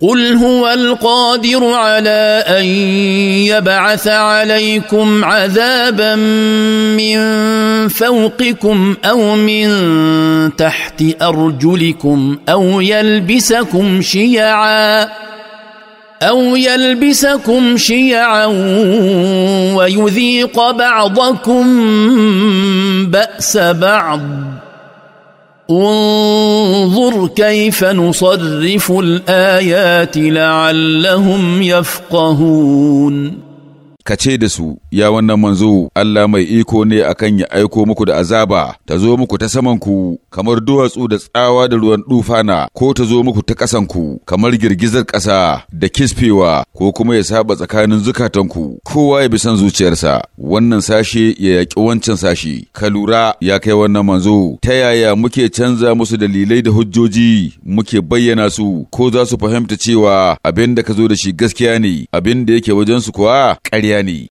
قل هو القادر على ان يبعث عليكم عذابا من فوقكم او من تحت ارجلكم او يلبسكم شيعا او يلبسكم شيعا ويذيق بعضكم باس بعض انظر كيف نصرف الايات لعلهم يفقهون ka ce da su, ya wannan manzo, Allah mai iko ne akan ya aiko muku da azaba, ta zo muku ta saman ku, kamar duwatsu da tsawa da ruwan dufana, ko ta zo muku ta kasan ku kamar girgizar ƙasa da kisfewa, ko kuma ya saba tsakanin zukatanku, kowa ya bi son zuciyarsa, wannan sashe ya yaƙi wancan sashe. ka lura ya kai wannan manzo, ta yaya muke canza musu dalilai da hujjoji, muke bayyana su, ko za su fahimta cewa abin da ka zo da shi gaskiya ne, abin da yake su kuwa ƙarya البياني